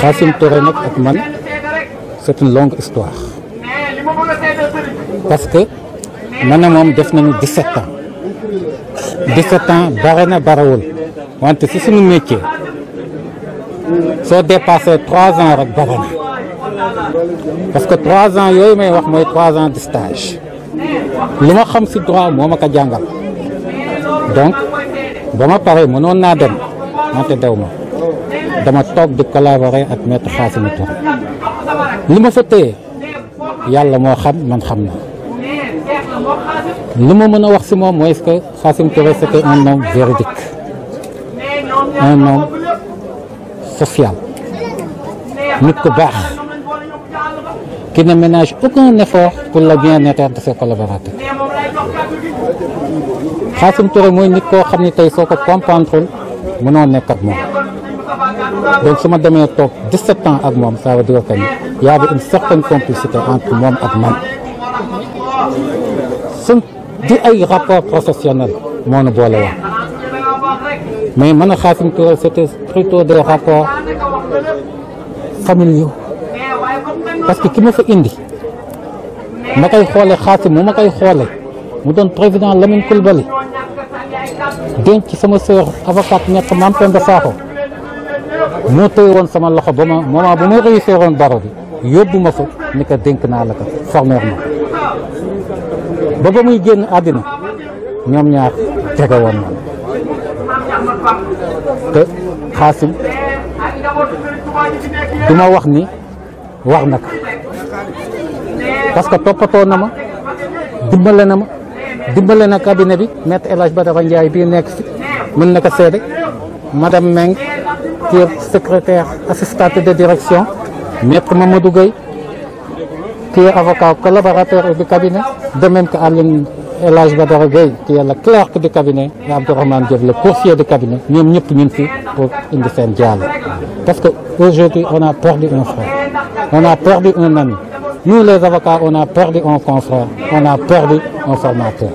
Xaasim Touré nag ak man c'est une longue histoire parce que man na moom def nañu 17 ans 17 ans bare na barawul wante si suñu métier soo dépassé 3 ans rek bare na parce que 3 ans yooyu may wax mooy 3 ans de stage lu ma xam si droit moo ma ko jàngal donc ba ma pare mënoon naa dem wante dew ma. dama toog di collaborer ak maître Khassimou Touré li ma fa yàlla moo xam man xam na lu ma mën a wax si moom mooy que Khassimou Touré c'était un homme véridique un homme social nit ku baax qui ne ménage aucun effort pour le bien-être de ses collaborateurs Khassimou Touré mooy nit koo xam ne tey soo ko comprendre mënoo nekk ak moom donc su ma demee toog 17 ans ak moom ça veut dire que y avait une certaine complicité entre moom ak man suñ di ay rapport professionnel moo nu boole woon mais man a Khassim Touré c'était plutôt des rapports familiaux parce que ki ma fa indi ma koy xoole Khassim mu ma koy xoole mu doon président Lamine Coulibaly denc sama sœur avocate ñett Mame Penda Sakho moo tëye woon sama loxo ba ma moment bu ma réussir baro bi yóbbu ma fa ni ko dénk naa la ko former ma ba ba muy génn àddina ñoom ñaar jege woon man te xaasim du wax ni war na ko parce que toppatoo na ma dimbale na ma dimbale na cabinet bi maître El Hadj Badara Ndiaye bii nekk si mën na ko seede madame Meng qui est secrétaire assistante de direction, Maître Mamadou Gueye, qui est avocat collaborateur du cabinet, de même qu'Aline Elage Badara Gueye, qui est le clerc du cabinet, et Abdourahmane Diev, le coursier du cabinet, nous sommes tous pour une dialogue. Parce qu'aujourd'hui, on a perdu un frère, on a perdu un ami. Nous, les avocats, on a perdu un confrère, on a perdu un formateur.